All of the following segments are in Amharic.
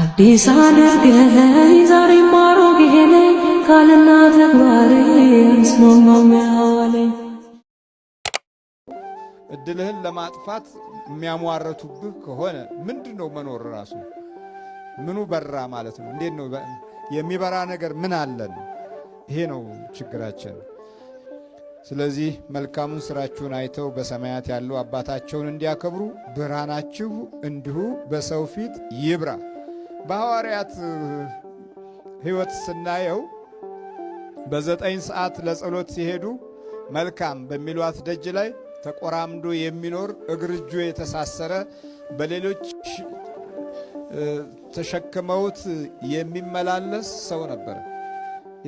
አዲስ አድርገኝ ዛሬ ማሮጌ ነኝ ቃልና ተግባሬ ያስማማው እድልህን ለማጥፋት የሚያሟረቱብህ ከሆነ ምንድን ነው መኖር ራሱ ምኑ በራ ማለት ነው? እንዴት ነው የሚበራ ነገር ምን አለን? ይሄ ነው ችግራችን። ስለዚህ መልካሙን ስራችሁን አይተው በሰማያት ያለው አባታቸውን እንዲያከብሩ ብርሃናችሁ እንዲሁ በሰው ፊት ይብራ። በሐዋርያት ሕይወት ስናየው በዘጠኝ ሰዓት ለጸሎት ሲሄዱ መልካም በሚሏት ደጅ ላይ ተቆራምዶ የሚኖር እግር እጁ የተሳሰረ በሌሎች ተሸክመውት የሚመላለስ ሰው ነበር።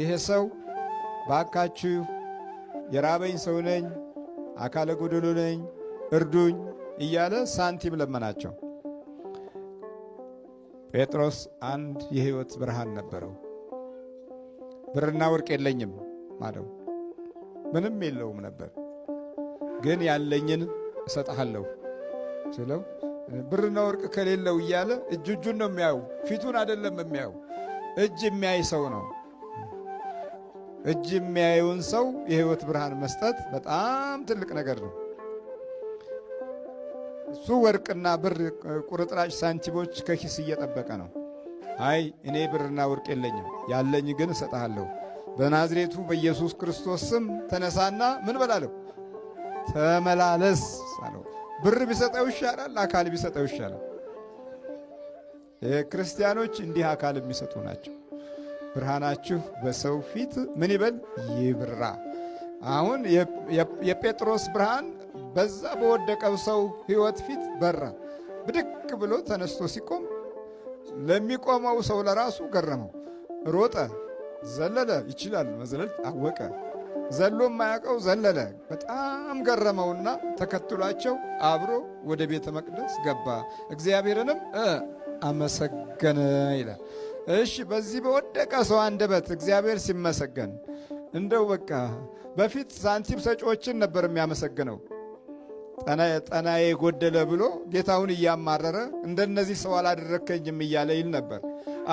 ይሄ ሰው ባካችሁ የራበኝ ሰው ነኝ፣ አካለ ጎደሎ ነኝ፣ እርዱኝ እያለ ሳንቲም ለመናቸው። ጴጥሮስ አንድ የሕይወት ብርሃን ነበረው። ብርና ወርቅ የለኝም አለው። ምንም የለውም ነበር፣ ግን ያለኝን እሰጥሃለሁ ስለው ብርና ወርቅ ከሌለው እያለ እጅ እጁን ነው የሚያዩ፣ ፊቱን አይደለም የሚያዩ። እጅ የሚያይ ሰው ነው። እጅ የሚያየውን ሰው የሕይወት ብርሃን መስጠት በጣም ትልቅ ነገር ነው። እሱ ወርቅና ብር ቁርጥራጭ ሳንቲሞች ከኪስ እየጠበቀ ነው። አይ እኔ ብርና ወርቅ የለኝም፣ ያለኝ ግን እሰጥሃለሁ። በናዝሬቱ በኢየሱስ ክርስቶስ ስም ተነሳና ምን በላለሁ? ተመላለስ አለው። ብር ቢሰጠው ይሻላል፣ አካል ቢሰጠው ይሻላል። ክርስቲያኖች እንዲህ አካል የሚሰጡ ናቸው። ብርሃናችሁ በሰው ፊት ምን ይበል ይብራ። አሁን የጴጥሮስ ብርሃን በዛ በወደቀው ሰው ሕይወት ፊት በራ። ብድግ ብሎ ተነስቶ ሲቆም ለሚቆመው ሰው ለራሱ ገረመው። ሮጠ፣ ዘለለ። ይችላል መዘለል አወቀ። ዘሎ የማያውቀው ዘለለ። በጣም ገረመውና ተከትሏቸው አብሮ ወደ ቤተ መቅደስ ገባ። እግዚአብሔርንም አመሰገነ ይላል። እሺ፣ በዚህ በወደቀ ሰው አንደበት እግዚአብሔር ሲመሰገን እንደው በቃ በፊት ሳንቲም ሰጪዎችን ነበር የሚያመሰግነው። ጠናዬ የጎደለ ብሎ ጌታውን እያማረረ እንደነዚህ ሰው አላደረከኝም እያለ ይል ነበር።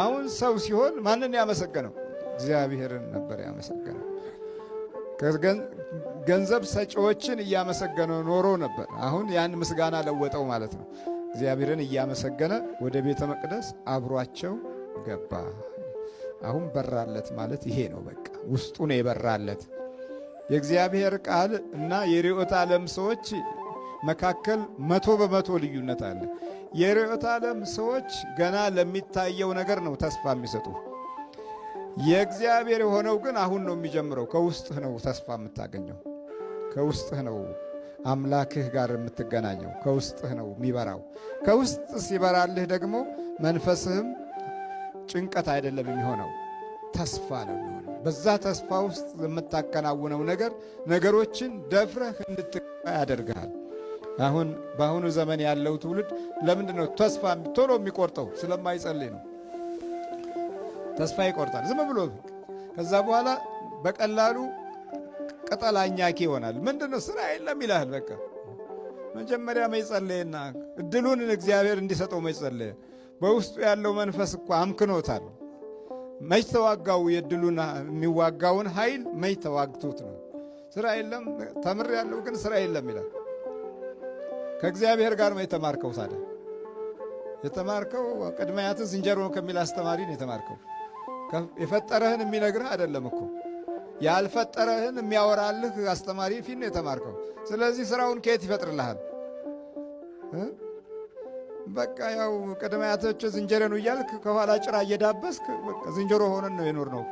አሁን ሰው ሲሆን ማንን ያመሰገነው? እግዚአብሔርን ነበር ያመሰገነው። ገንዘብ ሰጪዎችን እያመሰገነ ኖሮ ነበር። አሁን ያን ምስጋና ለወጠው ማለት ነው። እግዚአብሔርን እያመሰገነ ወደ ቤተ መቅደስ አብሯቸው ገባ። አሁን በራለት ማለት ይሄ ነው። በቃ ውስጡ ነው የበራለት የእግዚአብሔር ቃል እና የርዕዮተ ዓለም ሰዎች መካከል መቶ በመቶ ልዩነት አለ። የርዕዮተ ዓለም ሰዎች ገና ለሚታየው ነገር ነው ተስፋ የሚሰጡ። የእግዚአብሔር የሆነው ግን አሁን ነው የሚጀምረው። ከውስጥህ ነው ተስፋ የምታገኘው። ከውስጥህ ነው አምላክህ ጋር የምትገናኘው። ከውስጥህ ነው የሚበራው። ከውስጥ ሲበራልህ ደግሞ መንፈስህም ጭንቀት አይደለም የሚሆነው፣ ተስፋ ነው የሚሆነው። በዛ ተስፋ ውስጥ የምታከናውነው ነገር ነገሮችን ደፍረህ እንድትቀ ያደርግሃል። አሁን በአሁኑ ዘመን ያለው ትውልድ ለምንድን ነው ተስፋ ቶሎ የሚቆርጠው? ስለማይጸልይ ነው። ተስፋ ይቆርጣል ዝም ብሎ። ከዛ በኋላ በቀላሉ ቅጠላኛኪ ይሆናል። ምንድን ነው ስራ የለም ይላል። በቃ መጀመሪያ መይጸለየና እድሉን እግዚአብሔር እንዲሰጠው መይጸለየ በውስጡ ያለው መንፈስ እኮ አምክኖታል። መች ተዋጋው የድሉን የሚዋጋውን ኃይል መች ተዋግቶት ነው። ስራ የለም ተምር ያለው ግን ስራ የለም ይላል። ከእግዚአብሔር ጋር ነው የተማርከው። ታዲያ የተማርከው ቅድመያትን ዝንጀሮ ከሚል አስተማሪ ነው የተማርከው። የፈጠረህን የሚነግርህ አይደለም እኮ ያልፈጠረህን የሚያወራልህ አስተማሪ ፊት ነው የተማርከው። ስለዚህ ስራውን ከየት ይፈጥርልሃል? በቃ ያው ቅድመያቶች ዝንጀሮ ነው እያልክ ከኋላ ጭራ እየዳበስክ ዝንጀሮ ሆነን ነው የኖር ነው።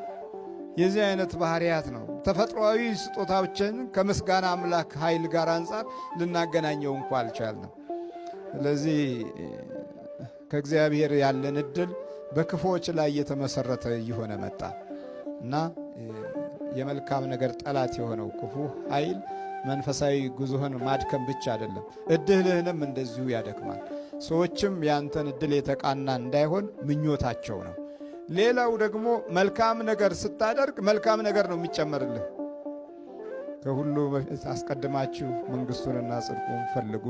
የዚህ አይነት ባህሪያት ነው። ተፈጥሯዊ ስጦታዎችን ከምስጋና አምላክ ኃይል ጋር አንጻር ልናገናኘው እንኳ አልቻልንም። ስለዚህ ከእግዚአብሔር ያለን እድል በክፎች ላይ እየተመሰረተ እየሆነ መጣ እና የመልካም ነገር ጠላት የሆነው ክፉ ኃይል መንፈሳዊ ጉዞህን ማድከም ብቻ አይደለም፣ እድልህንም እንደዚሁ ያደክማል። ሰዎችም ያንተን እድል የተቃና እንዳይሆን ምኞታቸው ነው። ሌላው ደግሞ መልካም ነገር ስታደርግ መልካም ነገር ነው የሚጨመርልህ። ከሁሉ አስቀድማችሁ መንግሥቱንና ጽድቁን ፈልጉ፣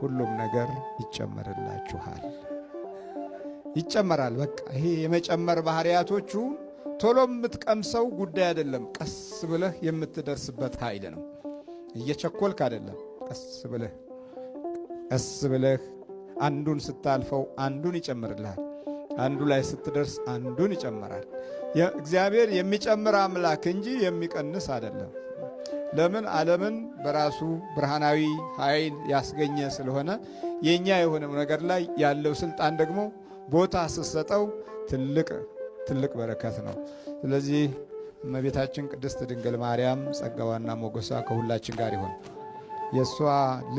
ሁሉም ነገር ይጨመርላችኋል። ይጨመራል። በቃ ይሄ የመጨመር ባህሪያቶቹ ቶሎ የምትቀምሰው ጉዳይ አይደለም። ቀስ ብለህ የምትደርስበት ኃይል ነው። እየቸኮልክ አይደለም። ቀስ ብለህ ቀስ ብለህ አንዱን ስታልፈው አንዱን ይጨምርልሃል። አንዱ ላይ ስትደርስ አንዱን ይጨምራል። እግዚአብሔር የሚጨምር አምላክ እንጂ የሚቀንስ አይደለም። ለምን ዓለምን በራሱ ብርሃናዊ ኃይል ያስገኘ ስለሆነ የእኛ የሆነው ነገር ላይ ያለው ስልጣን ደግሞ ቦታ ስትሰጠው ትልቅ ትልቅ በረከት ነው። ስለዚህ እመቤታችን ቅድስት ድንግል ማርያም ጸጋዋና ሞገሷ ከሁላችን ጋር ይሆን። የእሷ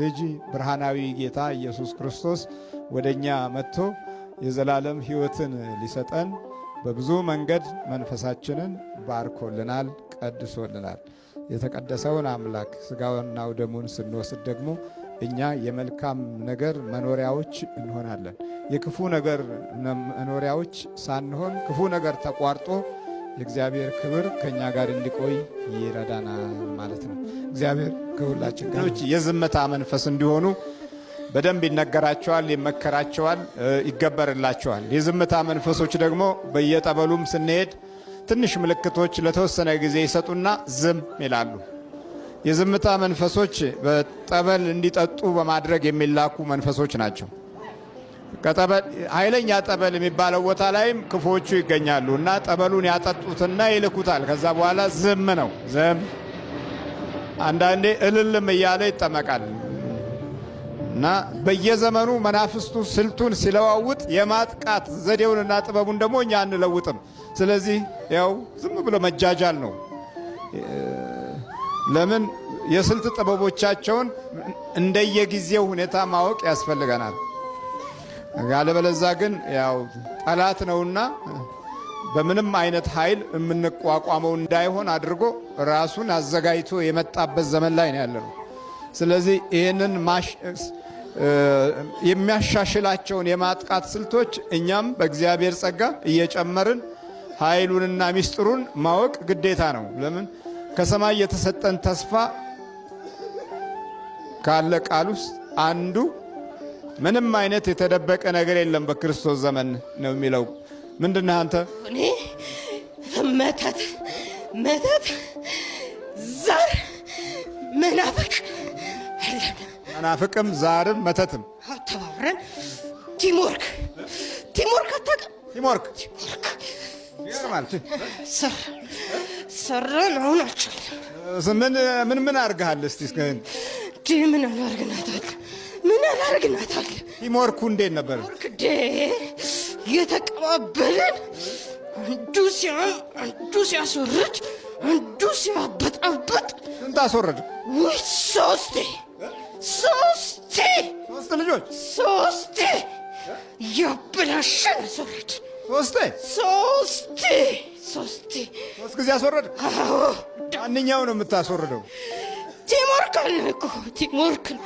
ልጅ ብርሃናዊ ጌታ ኢየሱስ ክርስቶስ ወደ እኛ መጥቶ የዘላለም ሕይወትን ሊሰጠን በብዙ መንገድ መንፈሳችንን ባርኮልናል፣ ቀድሶልናል። የተቀደሰውን አምላክ ሥጋውንና ደሙን ስንወስድ ደግሞ እኛ የመልካም ነገር መኖሪያዎች እንሆናለን። የክፉ ነገር መኖሪያዎች ሳንሆን ክፉ ነገር ተቋርጦ የእግዚአብሔር ክብር ከእኛ ጋር እንዲቆይ ይረዳናል ማለት ነው። እግዚአብሔር ከሁላችን ጋር የዝምታ መንፈስ እንዲሆኑ በደንብ ይነገራቸዋል፣ ይመከራቸዋል፣ ይገበርላቸዋል። የዝምታ መንፈሶች ደግሞ በየጠበሉም ስንሄድ ትንሽ ምልክቶች ለተወሰነ ጊዜ ይሰጡና ዝም ይላሉ። የዝምታ መንፈሶች በጠበል እንዲጠጡ በማድረግ የሚላኩ መንፈሶች ናቸው። ኃይለኛ ጠበል የሚባለው ቦታ ላይም ክፎቹ ይገኛሉ እና ጠበሉን ያጠጡትና ይልኩታል። ከዛ በኋላ ዝም ነው ዝም። አንዳንዴ እልልም እያለ ይጠመቃል። እና በየዘመኑ መናፍስቱ ስልቱን ሲለዋውጥ የማጥቃት ዘዴውንና ጥበቡን ደግሞ እኛ አንለውጥም። ስለዚህ ያው ዝም ብሎ መጃጃል ነው። ለምን የስልት ጥበቦቻቸውን እንደየጊዜው ሁኔታ ማወቅ ያስፈልገናል። ያለበለዛ ግን ያው ጠላት ነውና በምንም አይነት ኃይል የምንቋቋመው እንዳይሆን አድርጎ ራሱን አዘጋጅቶ የመጣበት ዘመን ላይ ነው ያለነው። ስለዚህ ይህንን ማሽ የሚያሻሽላቸውን የማጥቃት ስልቶች እኛም በእግዚአብሔር ጸጋ እየጨመርን ኃይሉንና ሚስጥሩን ማወቅ ግዴታ ነው። ለምን ከሰማይ የተሰጠን ተስፋ ካለ ቃል ውስጥ አንዱ ምንም አይነት የተደበቀ ነገር የለም በክርስቶስ ዘመን ነው የሚለው። ምንድን አንተ መተት መተት ዛር መናፈቅ መናፍቅም ዛርም መተትም አተባብረን ቲሞርክ ቲሞርክ አታውቅም? ቲሞርክ ቲሞርክ ሰራን አሁን ምን ምን ምን አድርገሃል? እስቲ ዲ ምን አላርግናታል? ምን አላርግናታል? ቲሞርኩ እንዴት ነበር? ዲ የተቀባበልን አንዱ ሲያ አንዱ ሲያስወርድ አንዱ ሲያበጣበጥ ስንት አስወረድ? ውይ ሶስቴ ሶስቴ ሶስት ልጆች ሶስቴ ያበላሸን አስወረድ። ሶስቴ ሶስቴ ሶስቴ ሶስት ጊዜ አስወረድ። ማንኛው ነው የምታስወርደው? ቲሞርክን እኮ ቲሞርክን።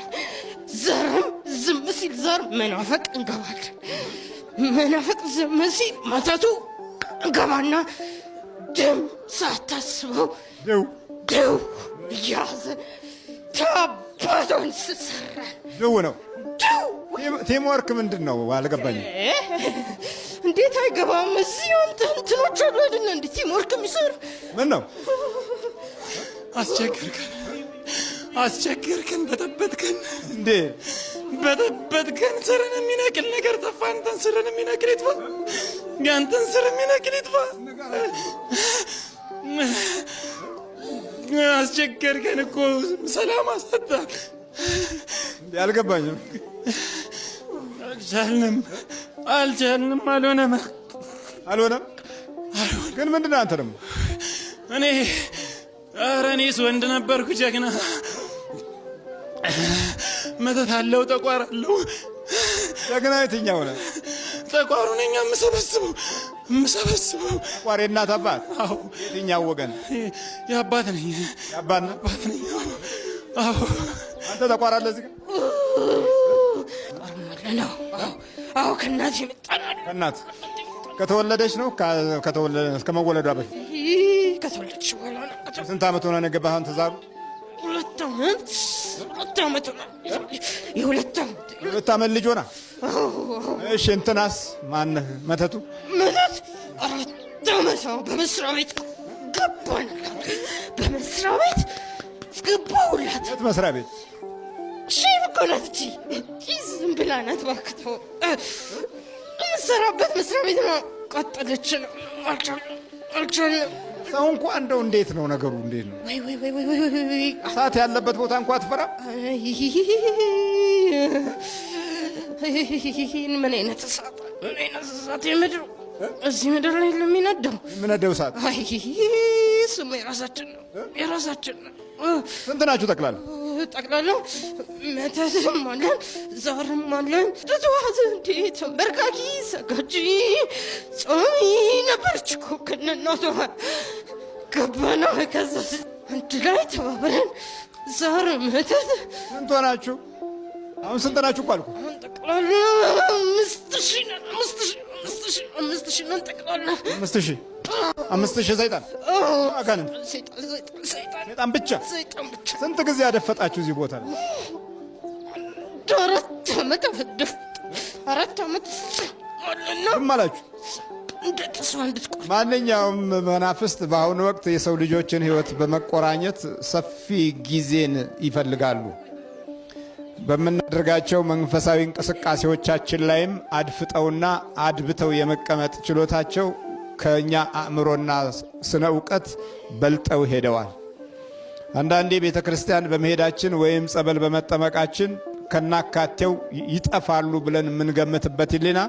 ዘርም ዝም ሲል ዘር መናፈቅ እንገባለን። መናፈቅ ዝም ሲል መተቱ እንገባና ደም ሳታስበው ደው ደው እያዘ ታባዶን ስሰራ ድው ነው። ቲም ምንድን ነው አልገባኝ። እንዴት አይገባም? እዚህ ትንትኖች አሉ አይደለ? እንዴ ቲም ወርክ የሚሰሩ ምን ነው? አስቸገርከን፣ አስቸገርከን፣ በጠበጥከን። እንዴ በጠበጥከን። ስርን የሚነቅል ነገር ጠፋ። አንተን ስርን የሚነቅል ይጥፋ፣ ያንተን ስር የሚነቅል ይጥፋ። አስቸገርከን እኮ ሰላም አሳጣ። አልገባኝም። አልቻልንም፣ አልቻልንም። አልሆነም፣ አልሆነም። ግን ምንድን ነው አንተ ደግሞ? እኔ ኧረ እኔስ ወንድ ነበርኩ ጀግና። መተት አለው ጠቋር አለው ጀግና። የትኛው ነህ? ጠቋሩን እኛ የምሰበስበው የምሰበስበው ቋሬ እናት አባት የትኛው ወገን የአባት ነኝ የአባት አባት ነኝ። አንተ ተቋራለ ነው። ከእናት ከእናት ከተወለደች ነው ከመወለዷ በፊት ከተወለደች በኋላ ስንት ዓመት ሆነ ነው አንተ? ዛሩ ሁለት ዓመት ሁለት ዓመት ሁለት ዓመት ልጅ ሆና እሺ እንትናስ ማነህ? መተቱ መተቱ ደመሰው በመስሪያ ቤት ገባ በመስሪያ ቤት ገባሁላት። የት መስሪያ ቤት? እሺ እኮ ናት እቺ ዝም ብላ ናት። እባክህ ተው። መስሪያ ቤት ነው። ቀጠለች ነው ሰው እንኳ እንደው እንዴት ነው ነገሩ? እንዴት ነው እሳት ያለበት ቦታ እንኳ አትፈራም? ምን አይነት እሳት! ምን አይነት እሳት! የምድሩ እዚህ ምድር ላይ ለሚነደው የምነደው እሳት ስሙ የራሳችን ነው፣ የራሳችን ነው። ስንት ናችሁ ጠቅላላ? ጠቅላላ መተትም አለን፣ ዛርም አለን። ትትዋት እንዴት ተንበርካኪ ሰጋጂ ጾሚ ነበርች እኮ ከነናቷ ገባና ከዛ አንድ ላይ ተባብለን ዛር መተት ስንት ናችሁ? አሁን ስንት ናችሁ እኮ አልኩህ። አምስት ሺህ አምስት ሺህ ሰይጣን አጋንንት ሰይጣን ብቻ ስንት ጊዜ ያደፈጣችሁ እዚህ ቦታ ነው? አራት ዓመት አፈደፍኩት። አራት ዓመት አላችሁ። ማንኛውም መናፍስት በአሁኑ ወቅት የሰው ልጆችን ሕይወት በመቆራኘት ሰፊ ጊዜን ይፈልጋሉ። በምናደርጋቸው መንፈሳዊ እንቅስቃሴዎቻችን ላይም አድፍጠውና አድብተው የመቀመጥ ችሎታቸው ከእኛ አእምሮና ስነ እውቀት በልጠው ሄደዋል። አንዳንዴ ቤተ ክርስቲያን በመሄዳችን ወይም ጸበል በመጠመቃችን ከናካቴው ይጠፋሉ ብለን የምንገምትበት ይልና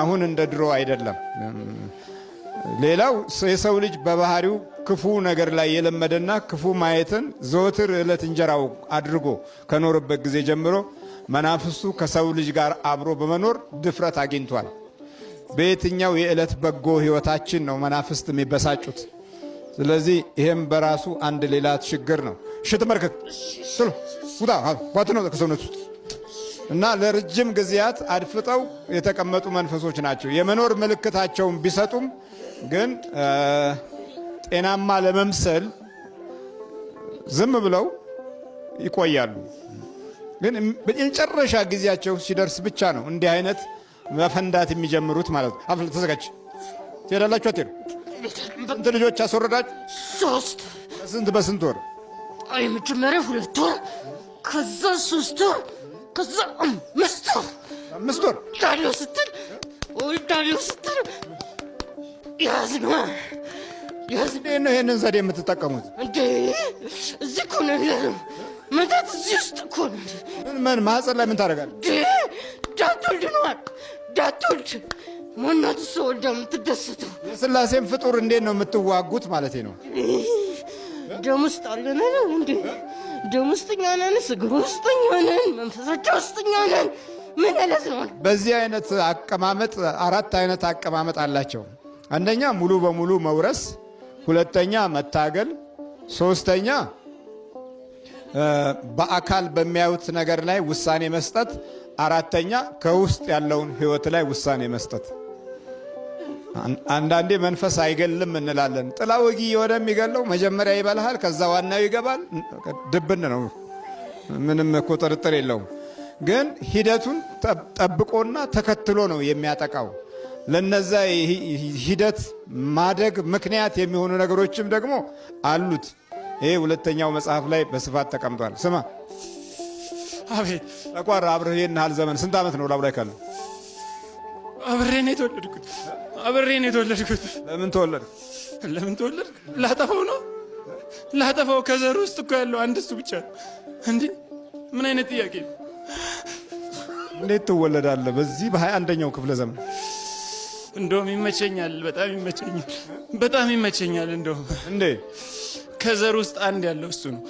አሁን እንደ ድሮ አይደለም። ሌላው የሰው ልጅ በባህሪው ክፉ ነገር ላይ የለመደና ክፉ ማየትን ዘወትር ዕለት እንጀራው አድርጎ ከኖረበት ጊዜ ጀምሮ መናፍስቱ ከሰው ልጅ ጋር አብሮ በመኖር ድፍረት አግኝቷል። በየትኛው የዕለት በጎ ሕይወታችን ነው መናፍስት የሚበሳጩት? ስለዚህ ይህም በራሱ አንድ ሌላ ችግር ነው። እሺ ስሎ ውጣ ነው ከሰውነት ውስጥ እና ለረጅም ጊዜያት አድፍጠው የተቀመጡ መንፈሶች ናቸው። የመኖር ምልክታቸውን ቢሰጡም ግን ጤናማ ለመምሰል ዝም ብለው ይቆያሉ። ግን የመጨረሻ ጊዜያቸው ሲደርስ ብቻ ነው እንዲህ አይነት መፈንዳት የሚጀምሩት ማለት ነው። አፍ ተዘጋጅ ትሄዳላችሁ። አትሄዱ። ስንት ልጆች አስወረዳችሁ? ሶስት። ስንት በስንት ወር? የመጀመሪያ ሁለት ወር፣ ከዛ ሶስት ወር፣ ከዛ አምስት ወር። አምስት ወር ዳሎ ስትል ዳሎ ስትል ያዝና ያዝና ነው ይሄንን ዘዴ የምትጠቀሙት እንዴ? እዚህ እኮ ነው ያለው መተት እዚህ ውስጥ እኮ ነው። ምን ማህፀን ላይ ምን ታደርጋለህ? ዳትወልድ ነዋል ዳትወልድ ማናት ሰው ወልዳ የምትደሰተው? የስላሴን ፍጡር እንዴት ነው የምትዋጉት ማለት ነው? ደም ውስጥ አለን እንዴ? ደም ውስጥኛ ነን፣ ስጋ ውስጥኛ ነን፣ መንፈሳቸው ውስጥኛ ነን። ምን ዕለት ነው? በዚህ አይነት አቀማመጥ አራት አይነት አቀማመጥ አላቸው። አንደኛ ሙሉ በሙሉ መውረስ፣ ሁለተኛ መታገል፣ ሶስተኛ በአካል በሚያዩት ነገር ላይ ውሳኔ መስጠት፣ አራተኛ ከውስጥ ያለውን ህይወት ላይ ውሳኔ መስጠት። አንዳንዴ መንፈስ አይገልም እንላለን። ጥላ ወጊ ወደሚገለው መጀመሪያ ይበልሃል፣ ከዛ ዋናው ይገባል። ድብን ነው፣ ምንም እኮ ጥርጥር የለውም። ግን ሂደቱን ጠብቆና ተከትሎ ነው የሚያጠቃው። ለነዛ ሂደት ማደግ ምክንያት የሚሆኑ ነገሮችም ደግሞ አሉት። ይሄ ሁለተኛው መጽሐፍ ላይ በስፋት ተቀምጧል። ስማ አቤት ተቋራ አብርህ ናህል ዘመን ስንት ዓመት ነው? ላቡ ላይ ካለ አብሬ ነው የተወለድኩት። አብሬ ነው የተወለድኩት። ለምን ተወለድክ? ለምን ተወለድ? ላጠፋው ነው ላጠፋው። ከዘር ውስጥ እኮ ያለው አንድ እሱ ብቻ ነው። እንዴ ምን አይነት ጥያቄ ነው? እንዴት ትወለዳለህ በዚህ በሃያ አንደኛው ክፍለ ዘመን እንደውም ይመቸኛል፣ በጣም ይመቸኛል፣ በጣም ይመቸኛል። እንደውም እንዴ ከዘር ውስጥ አንድ ያለው እሱ ነው።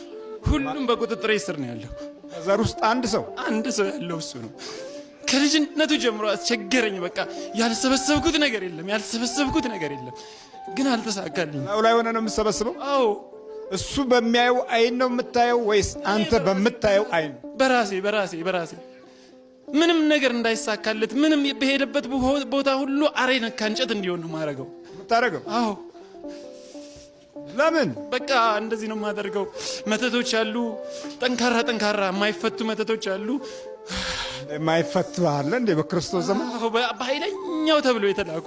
ሁሉም በቁጥጥሬ ስር ነው ያለው። ከዘር ውስጥ አንድ ሰው አንድ ሰው ያለው እሱ ነው። ከልጅነቱ ጀምሮ አስቸገረኝ። በቃ ያልሰበሰብኩት ነገር የለም፣ ያልሰበሰብኩት ነገር የለም፣ ግን አልተሳካልኝ። ላይ ሆነ ነው የምሰበስበው? አዎ እሱ በሚያየው አይን ነው የምታየው ወይስ አንተ በምታየው አይን? በራሴ በራሴ በራሴ ምንም ነገር እንዳይሳካለት ምንም በሄደበት ቦታ ሁሉ አሬ ነካ እንጨት እንዲሆን ነው ማድረገው ታረገው? አዎ። ለምን? በቃ እንደዚህ ነው የማደርገው። መተቶች አሉ፣ ጠንካራ ጠንካራ የማይፈቱ መተቶች አሉ። የማይፈቱ አለ እንዴ? በክርስቶስ ዘመን በኃይለኛው ተብሎ የተላኩ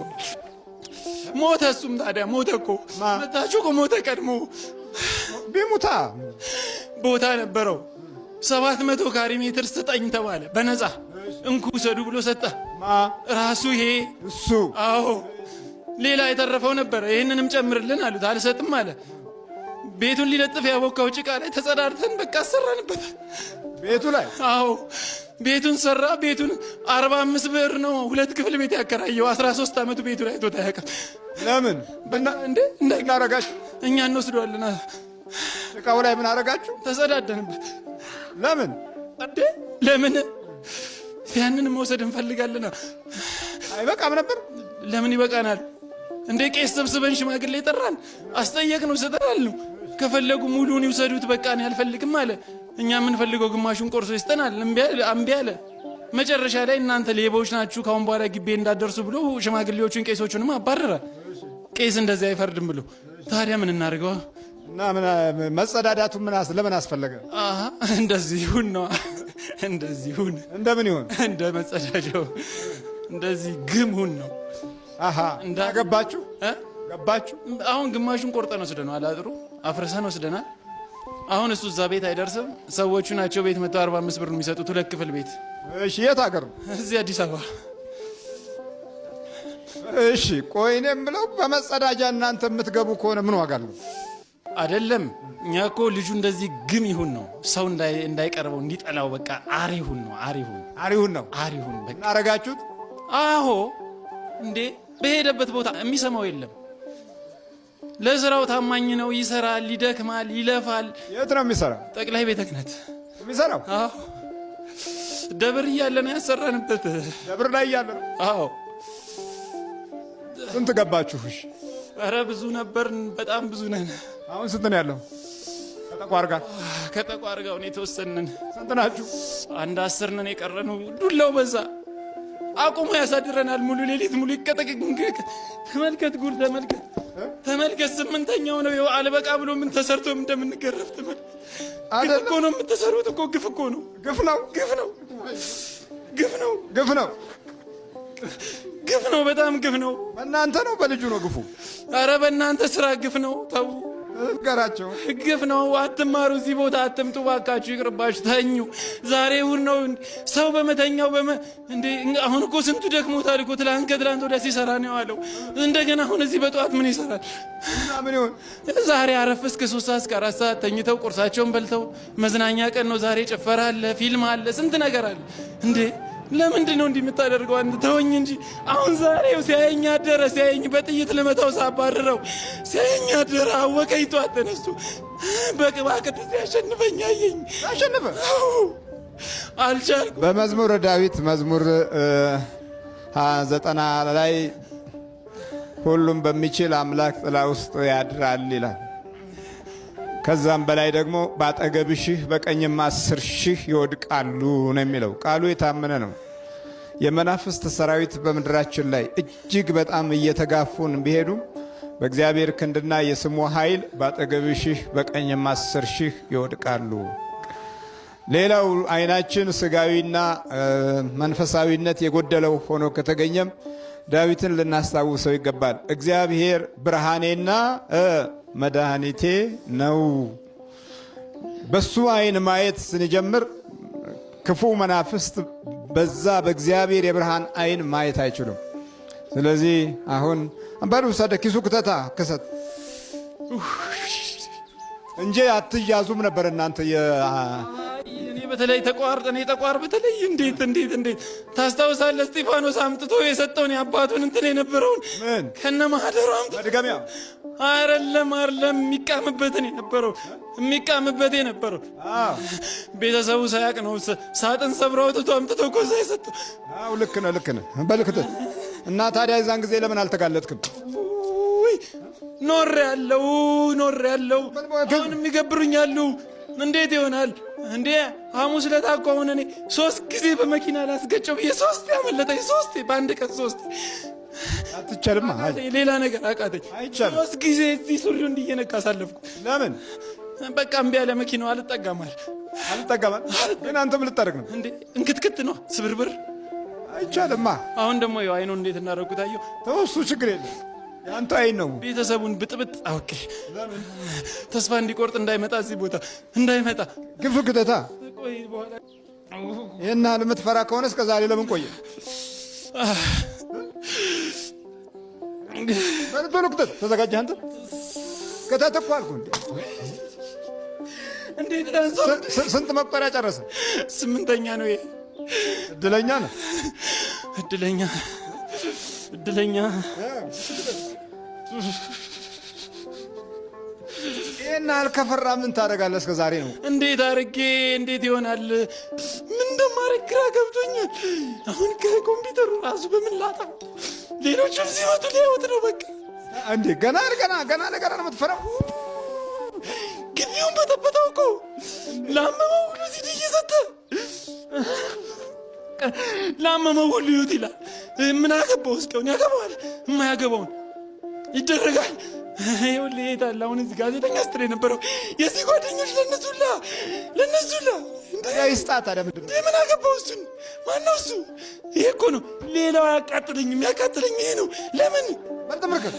ሞተ። እሱም ታዲያ ሞተ እኮ መታችሁ እኮ ሞተ። ቀድሞ ቢሙታ ቦታ ነበረው ሰባት መቶ ካሪ ሜትር ስጠኝ ተባለ በነጻ እንኩ ሰዱ ብሎ ሰጠ። ራሱ ይሄ እሱ። አዎ ሌላ የተረፈው ነበረ። ይህንንም ጨምርልን አሉት። አልሰጥም አለ። ቤቱን ሊለጥፍ ያቦካው ጭቃ ላይ ተጸዳድተን በቃ አሰራንበት ቤቱ ላይ። አዎ ቤቱን ሰራ። ቤቱን አርባ አምስት ብር ነው ሁለት ክፍል ቤት ያከራየው። አስራ ሶስት ዓመቱ ቤቱ ላይ ቶታ ያቀም ለምን እንደ እንዳረጋችሁ እኛ እንወስደዋለን። ጭቃው ላይ ምን አረጋችሁ? ተጸዳደንበት። ለምን እንዴ ለምን ያንንም መውሰድ እንፈልጋለን። አይበቃም ነበር? ለምን ይበቃናል? እንደ ቄስ ሰብስበን ሽማግሌ ጠራን፣ አስጠየቅ ነው ስጠናል ከፈለጉ ሙሉን ይውሰዱት፣ በቃ ያልፈልግም አልፈልግም አለ። እኛ የምንፈልገው ግማሹን ቆርሶ ይስጠናል፣ እምቢ አለ። መጨረሻ ላይ እናንተ ሌቦች ናችሁ፣ ካሁን በኋላ ግቤ እንዳደርሱ ብሎ ሽማግሌዎቹን ቄሶቹንም አባረረ። ቄስ እንደዚህ አይፈርድም ብሎ ታዲያ ምን እናድርገው እና መጸዳዳቱ ለምን አስፈለገ? እንደዚህ ይሁን ነዋ። እንደዚሁን እንደምን ይሁን? እንደ መጸዳጃው እንደዚህ ሁን ነው። አሀ እንዳገባችሁ ገባችሁ። አሁን ግማሹን ቆርጠን ወስደናል። አጥሩ አፍርሰን ወስደናል። አሁን እሱ እዛ ቤት አይደርስም። ሰዎቹ ናቸው ቤት መቶ አምስት ብር ነው የሚሰጡት ሁለት ክፍል ቤት። እሺ የት ሀገር ነው? እዚህ አዲስ አበባ። እሺ ቆይ እኔ የምለው በመጸዳጃ እናንተ የምትገቡ ከሆነ ምን ዋጋ አለው? አይደለም። እኛ እኮ ልጁ እንደዚህ ግም ይሁን ነው ሰው እንዳይቀርበው እንዲጠላው በቃ አሪሁን ነው አሪሁን አሪሁን ነው አሪሁን በቃ አረጋችሁት። አዎ እንዴ በሄደበት ቦታ የሚሰማው የለም። ለስራው ታማኝ ነው። ይሰራል፣ ይደክማል፣ ይለፋል። የት ነው የሚሰራው? ጠቅላይ ቤተ ክህነት የሚሰራው። አዎ ደብር እያለ ነው ያሰራንበት። ደብር ላይ እያለ ነው። አዎ ስንት ገባችሁ? እሺ ኧረ ብዙ ነበር። በጣም ብዙ ነን። አሁን ስንት ነው ያለው? ከጠቋር ጋር ከጠቋር ጋር የተወሰንን ስንት ናችሁ? አንድ አስር ነን የቀረነው። ዱላው በዛ አቁሞ ያሳድረናል። ሙሉ ሌሊት ሙሉ ይቀጠቅ። ተመልከት፣ ጉድ ተመልከት፣ ተመልከት። ስምንተኛው ነው ይኸው። አልበቃ ብሎ ምን ተሰርቶ እንደምንገረፍ ተመልከት። ግፍ እኮ ነው የምትሰሩት እኮ ግፍ እኮ ነው። ግፍ ነው፣ ግፍ ነው፣ ግፍ ነው፣ ግፍ ነው ግፍ ነው። በጣም ግፍ ነው። በእናንተ ነው፣ በልጁ ነው ግፉ። አረ በእናንተ ስራ ግፍ ነው። ተው ገራቸው ግፍ ነው። አትማሩ፣ እዚህ ቦታ አትምጡ፣ ባካችሁ ይቅርባችሁ፣ ተኙ። ዛሬ እሑድ ነው። ሰው በመተኛው በመ እንዴ! አሁን እኮ ስንቱ ደክሞታል እኮ። ትላንት ከትላንት ወዲያ ሲሰራ ነው የዋለው። እንደገና አሁን እዚህ በጠዋት ምን ይሰራል? ዛሬ አረፍ እስከ ሶስት ሰዓት እስከ አራት ሰዓት ተኝተው ቁርሳቸውን በልተው፣ መዝናኛ ቀን ነው ዛሬ። ጭፈራ አለ፣ ፊልም አለ፣ ስንት ነገር አለ እንዴ ለምንድን ነው እንዲህ የምታደርገው? አንተ ተወኝ እንጂ አሁን ዛሬው ሲያየኝ አደረ። ሲያየኝ በጥይት ልመታው ሳባርረው ሲያየኝ አደረ። አወቀኝ። ጧት ተነስቶ በቅባ ቅዱስ ያሸንፈኝ አየኝ። አሸንፈ አልቻል። በመዝሙር ዳዊት መዝሙር ዘጠና ላይ ሁሉም በሚችል አምላክ ጥላ ውስጥ ያድራል ይላል። ከዛም በላይ ደግሞ በአጠገብ ሺህ በቀኝም አስር ሺህ ይወድቃሉ ነው የሚለው ቃሉ የታመነ ነው። የመናፍስት ሰራዊት በምድራችን ላይ እጅግ በጣም እየተጋፉን ቢሄዱ በእግዚአብሔር ክንድና የስሙ ኃይል በአጠገብ ሺህ በቀኝም አስር ሺህ ይወድቃሉ። ሌላው አይናችን ስጋዊና መንፈሳዊነት የጎደለው ሆኖ ከተገኘም ዳዊትን ልናስታውሰው ይገባል። እግዚአብሔር ብርሃኔና መድኃኒቴ ነው። በሱ አይን ማየት ስንጀምር ክፉ መናፍስት በዛ በእግዚአብሔር የብርሃን አይን ማየት አይችሉም። ስለዚህ አሁን አምባድ ውሰደ ኪሱ ክተታ ክሰት እንጂ አትያዙም ነበር እናንተ በተለይ ተቋርጠን የተቋር በተለይ እንዴት እንዴት እንዴት ታስታውሳለህ? እስጢፋኖስ አምጥቶ የሰጠውን የአባቱን እንትን የነበረውን ከነ ማህደሩ አምጥቶ አይደለም አይደለም፣ የሚቃምበትን የነበረው የሚቃምበት የነበረው ቤተሰቡ ሳያቅ ነው። ሳጥን ሰብረው አውጥቶ አምጥቶ እኮ እዛ የሰጠው። አዎ ልክ ነህ፣ ልክ ነህ በልክት እና ታዲያ የዛን ጊዜ ለምን አልተጋለጥክም? ኖር ያለው ኖር ያለው አሁን የሚገብሩኛሉ። እንዴት ይሆናል እንዴ? ሐሙስ ዕለት እኮ አሁን እኔ ሶስት ጊዜ በመኪና ላስገጨው ብዬ ሶስት ያመለጠኝ ሶስት፣ በአንድ ቀን ሶስት አትቻልም። ሌላ ነገር አቃተች። ሶስት ጊዜ እዚህ ሱሪ እንዲየነቃ አሳለፍኩ። ለምን በቃ እምቢ አለ። መኪናው አልጠጋማል አልጠጋማል። ግን አንተም ልታደርግ ነው እንዴ? እንክትክት ነው ስብርብር። አይቻልማ። አሁን ደግሞ ይኸው አይኑ እንዴት እናደርጉታየው። ተወሱ ችግር የለም አንተ አይን ነው ቤተሰቡን ብጥብጥ አውቄ ተስፋ እንዲቆርጥ እንዳይመጣ እዚህ ቦታ እንዳይመጣ ግፍ ግተታ ይህን ያህል የምትፈራ ከሆነ እስከ ዛሬ ለምን ቆየ? በሎ ቅጠል ተዘጋጀህ አንተ ከታተኩ አልኩህ። ስንት መቁጠሪያ ጨረሰ? ስምንተኛ ነው። ይሄ እድለኛ ነው። እድለኛ እድለኛ ይህን አልከፈራ ምን ታደርጋለህ? እስከ ዛሬ ነው። እንዴት አርጌ እንዴት ይሆናል? ምን እንደማረግ ግራ ገብቶኛል። አሁን ከኮምፒውተሩ ራሱ በምን ላጣ ሌሎቹም ሲመጡ ሊያወጥ ነው። በቃ እንዴ ገና ገና ገና ለገና ነው የምትፈራው። ግቢውን በጠበጠው እኮ ላመመው ሁሉ ሲድ እየሰጠ ላመመው ሁሉ ይወት ይላል። ምን አገባው? እስኪሆን ያገባዋል። የማያገባውን ይደረጋል ይኸውልህ ይሄዳል። አሁን እዚህ ጋዜጠኛ ስትል የነበረው የዚህ ጓደኞች ለነሱላ ለነሱላ ይስጣት። ታዲያ ምንድን ነው ምን አገባው? እሱን ማነው እሱ? ይሄ እኮ ነው። ሌላው አያቃጥለኝም፣ የሚያቃጥለኝ ይሄ ነው። ለምን በልጥምርከት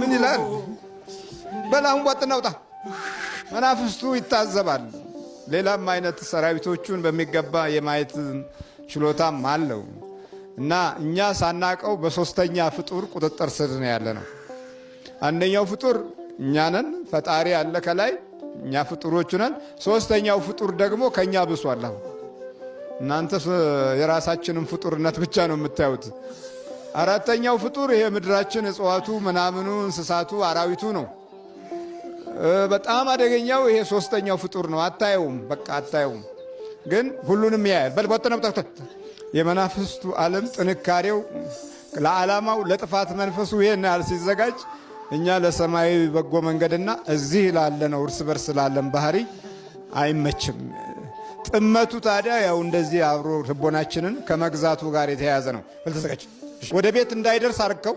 ምን ይላል? በላሁን ቧጥና ውጣ። መናፍስቱ ይታዘባል። ሌላም አይነት ሰራዊቶቹን በሚገባ የማየት ችሎታም አለው። እና እኛ ሳናቀው በሶስተኛ ፍጡር ቁጥጥር ስር ነው ያለ ነው። አንደኛው ፍጡር እኛንን ፈጣሪ አለ ከላይ እኛ ፍጡሮቹ ነን። ሶስተኛው ፍጡር ደግሞ ከእኛ ብሷል። አለ። እናንተ የራሳችንን ፍጡርነት ብቻ ነው የምታዩት። አራተኛው ፍጡር ይሄ ምድራችን እጽዋቱ፣ ምናምኑ፣ እንስሳቱ፣ አራዊቱ ነው። በጣም አደገኛው ይሄ ሶስተኛው ፍጡር ነው። አታየውም፣ በቃ አታየውም፣ ግን ሁሉንም ያያል። በል የመናፍስቱ ዓለም ጥንካሬው ለዓላማው ለጥፋት መንፈሱ ይህን ያህል ሲዘጋጅ እኛ ለሰማያዊ በጎ መንገድና እዚህ ላለ ነው እርስ በርስ ላለን ባህሪ አይመችም። ጥመቱ ታዲያ ያው እንደዚህ አብሮ ልቦናችንን ከመግዛቱ ጋር የተያያዘ ነው። ልተዘጋጅ ወደ ቤት እንዳይደርስ አርከው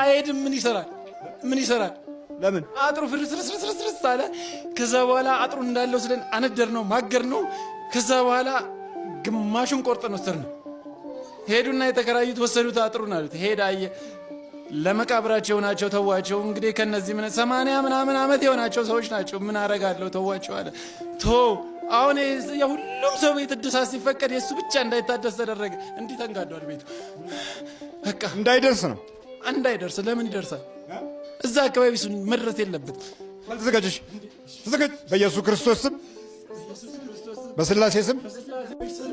አይሄድም። ምን ይሰራል? ምን ይሰራል? ለምን አጥሩ ፍርስርስርስርስ አለ። ከዛ በኋላ አጥሩ እንዳለው ስለን አነደር ነው ማገር ነው። ከዛ በኋላ ግማሹን ቆርጠን ወሰድን። ሄዱና የተከራዩት ወሰዱት፣ አጥሩን አሉት። ሄዳ ለመቃብራቸው ናቸው ተዋቸው። እንግዲህ ከነዚህ ምን ሰማንያ ምናምን ዓመት የሆናቸው ሰዎች ናቸው። ምን አረጋለሁ ተዋቸው አለ። ቶ አሁን የሁሉም ሰው ቤት እድሳት ሲፈቀድ የእሱ ብቻ እንዳይታደስ ተደረገ። እንዲህ ተንጋዷል ቤቱ በቃ እንዳይደርስ ነው እንዳይደርስ። ለምን ይደርሳል? እዛ አካባቢ መድረስ የለበት። ተዘጋጅሽ ተዘጋጅ በኢየሱስ ክርስቶስ ስም በስላሴ ስም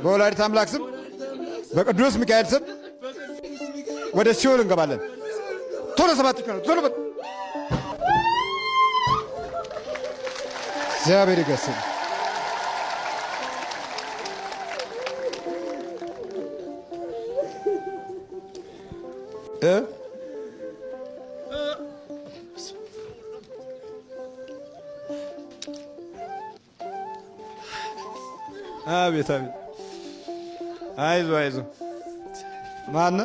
በወላዲተ አምላክ ስም በቅዱስ ሚካኤል ስም ወደ ሲኦል እንገባለን። ቶሎ ሰባት ይችላል። ቶሎ እግዚአብሔር ይገስል። እ አቤት አቤት። አይዞ አይዞ። ማነ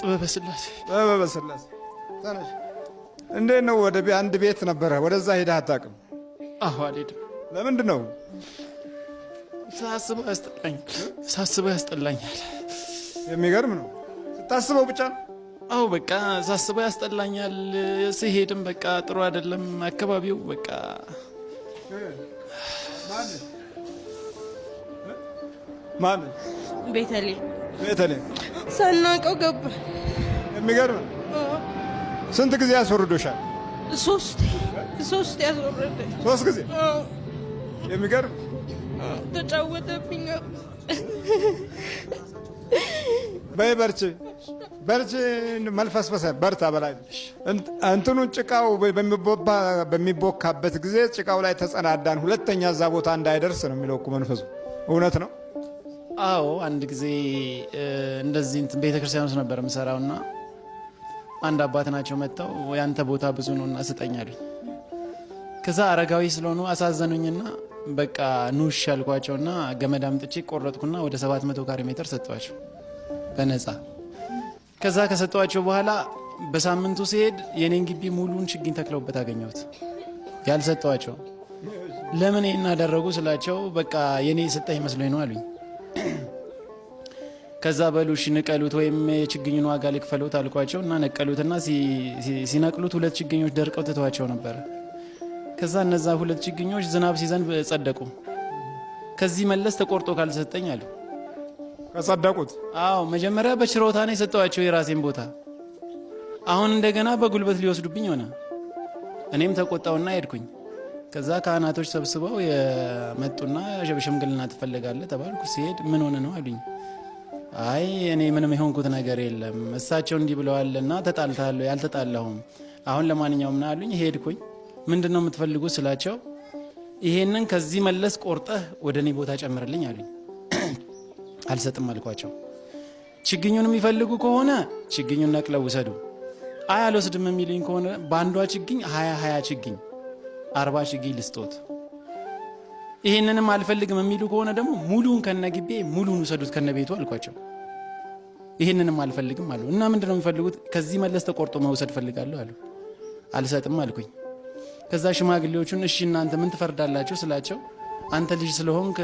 ጥበበ ስላሴ ጥበበ ስላሴ ተነሽ። እንዴት ነው? ወደ አንድ ቤት ነበረ፣ ወደዛ ሄደህ አታውቅም? አሁ አልሄድም። ለምንድን ነው? ሳስበው ያስጠላኛል፣ ሳስበው ያስጠላኛል። የሚገርም ነው። ስታስበው ብቻ ነው። አው በቃ ሳስበው ያስጠላኛል። ሲሄድም በቃ ጥሩ አይደለም አካባቢው በቃ ማን? ቤተሌ ቤተሌ ሳናውቀው ገባ። የሚገርም ስንት ጊዜ ያስወርዶሻል? ሶስት ሶስት ሶስት ጊዜ። የሚገርም ተጫወተብኝ። በይ መልፈስፈሰ በርታ ጭቃው በሚቦካበት ጊዜ ጭቃው ላይ ተጸናዳን። ሁለተኛ እዛ ቦታ እንዳይደርስ ነው የሚለው እኮ መንፈሱ። እውነት ነው። አዎ አንድ ጊዜ እንደዚህ ቤተክርስቲያን ውስጥ ነበር እና አንድ አባት ናቸው መጥተው ያንተ ቦታ ብዙ ነው ነውና ስጠኛሉ። ከዛ አረጋዊ ስለሆኑ አሳዘኑኝና በቃ ኑሽ ያልኳቸውና ገመድ አምጥቼ ቆረጥኩና ወደ 700 ካሬ ሜትር ሰጠዋቸው በነጻ ከዛ ከሰጠዋቸው በኋላ በሳምንቱ ሲሄድ የኔን ግቢ ሙሉን ችግኝ ተክለውበት አገኘሁት። ያልሰጠዋቸው ለምን ይህን አደረጉ ስላቸው በቃ የኔ የሰጠኝ መስሎኝ ነው አሉኝ። ከዛ በሉሽ ንቀሉት ወይም የችግኙን ዋጋ ልክፈሉት አልኳቸው እና ነቀሉትና ሲነቅሉት ሁለት ችግኞች ደርቀው ትተዋቸው ነበረ። ከዛ እነዛ ሁለት ችግኞች ዝናብ ሲዘንብ ጸደቁ። ከዚህ መለስ ተቆርጦ ካልሰጠኝ አሉ። ከጸደቁት? አዎ መጀመሪያ በችሮታ ነው የሰጠዋቸው የራሴን ቦታ። አሁን እንደገና በጉልበት ሊወስዱብኝ ሆነ። እኔም ተቆጣውና ሄድኩኝ። ከዛ ካህናቶች ሰብስበው የመጡና ሸምግልና ትፈልጋለህ ተባልኩ። ሲሄድ ምን ሆነ ነው አሉኝ። አይ እኔ ምንም የሆንኩት ነገር የለም እሳቸው እንዲህ ብለዋልና ተጣልታለሁ ያልተጣላሁም አሁን ለማንኛውም ና አሉኝ ሄድኩኝ ምንድን ነው የምትፈልጉ ስላቸው ይሄንን ከዚህ መለስ ቆርጠህ ወደ እኔ ቦታ ጨምርልኝ አሉኝ አልሰጥም አልኳቸው ችግኙን የሚፈልጉ ከሆነ ችግኙን ነቅለው ውሰዱ አይ አልወስድም የሚልኝ ከሆነ በአንዷ ችግኝ ሀያ ሀያ ችግኝ አርባ ችግኝ ልስጦት ይሄንንም አልፈልግም የሚሉ ከሆነ ደግሞ ሙሉን ከነ ግቤ ሙሉን ውሰዱት ከነ ቤቱ አልኳቸው። ይሄንንም አልፈልግም አሉ እና ምንድነው የሚፈልጉት? ከዚህ መለስ ተቆርጦ መውሰድ ፈልጋለሁ አሉ። አልሰጥም አልኩኝ። ከዛ ሽማግሌዎቹን እሺ እናንተ ምን ትፈርዳላችሁ ስላቸው አንተ ልጅ ስለሆንክ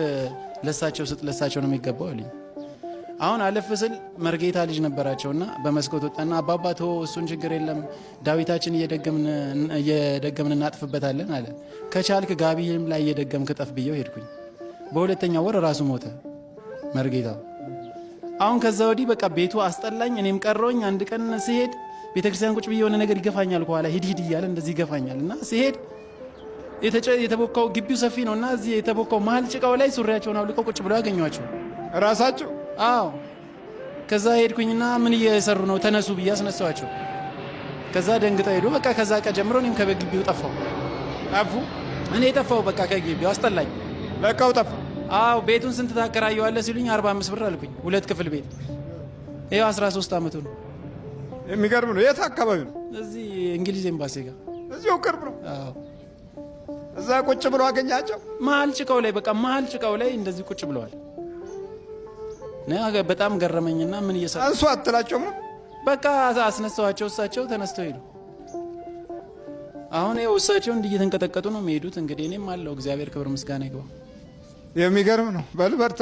ለሳቸው ስጥ፣ ለሳቸው ነው የሚገባው አሉኝ። አሁን አለፍ ስል መርጌታ ልጅ ነበራቸውና በመስኮት ወጣና አባባ ቶ እሱን ችግር የለም ዳዊታችን እየደገምን እናጥፍበታለን አለ። ከቻልክ ጋቢህም ላይ እየደገምክ ጠፍ ብየው ሄድኩኝ። በሁለተኛ ወር ራሱ ሞተ መርጌታው አሁን ከዛ ወዲህ በቃ ቤቱ አስጠላኝ፣ እኔም ቀረውኝ። አንድ ቀን ስሄድ ቤተክርስቲያን ቁጭ ብዬ የሆነ ነገር ይገፋኛል፣ ከኋላ ሂድ ሂድ እያለ እንደዚህ ይገፋኛል እና ስሄድ የተቦካው ግቢው ሰፊ ነው እና እዚህ የተቦካው መሀል ጭቃው ላይ ሱሪያቸውን አውልቀው ቁጭ ብለው ያገኟቸው ራሳቸው አዎ። ከዛ ሄድኩኝና ምን እየሰሩ ነው ተነሱ ብዬ አስነሳዋቸው። ከዛ ደንግጠው ሄዱ። በቃ ከዛ ቀን ጀምሮ እኔም ከግቢው ጠፋው። አቡ እኔ ጠፋው። በቃ ከግቢው አስጠላኝ። በቃው ጠፋ። አዎ። ቤቱን ስንት ታከራየዋለህ ሲሉኝ 45 ብር አልኩኝ። ሁለት ክፍል ቤት ይኸው 13 ዓመቱ ነው። የሚገርም ነው። የት አካባቢ ነው? እዚህ እንግሊዝ ኤምባሲ ጋር እዚሁ ቅርብ ነው። እዛ ቁጭ ብሎ አገኛቸው። መሀል ጭቃው ላይ በቃ መሀል ጭቃው ላይ እንደዚህ ቁጭ ብለዋል። በጣም ገረመኝና ምን እየሰራ አንሱ አትላቸው ነው በቃ አስነሳኋቸው። እሳቸው ተነስተው ሄዱ። አሁን ይኸው እሳቸው እንዲህ እየተንቀጠቀጡ ነው የሚሄዱት። እንግዲህ እኔም አለው እግዚአብሔር ክብር ምስጋና ይግባ። የሚገርም ነው። በል በርታ።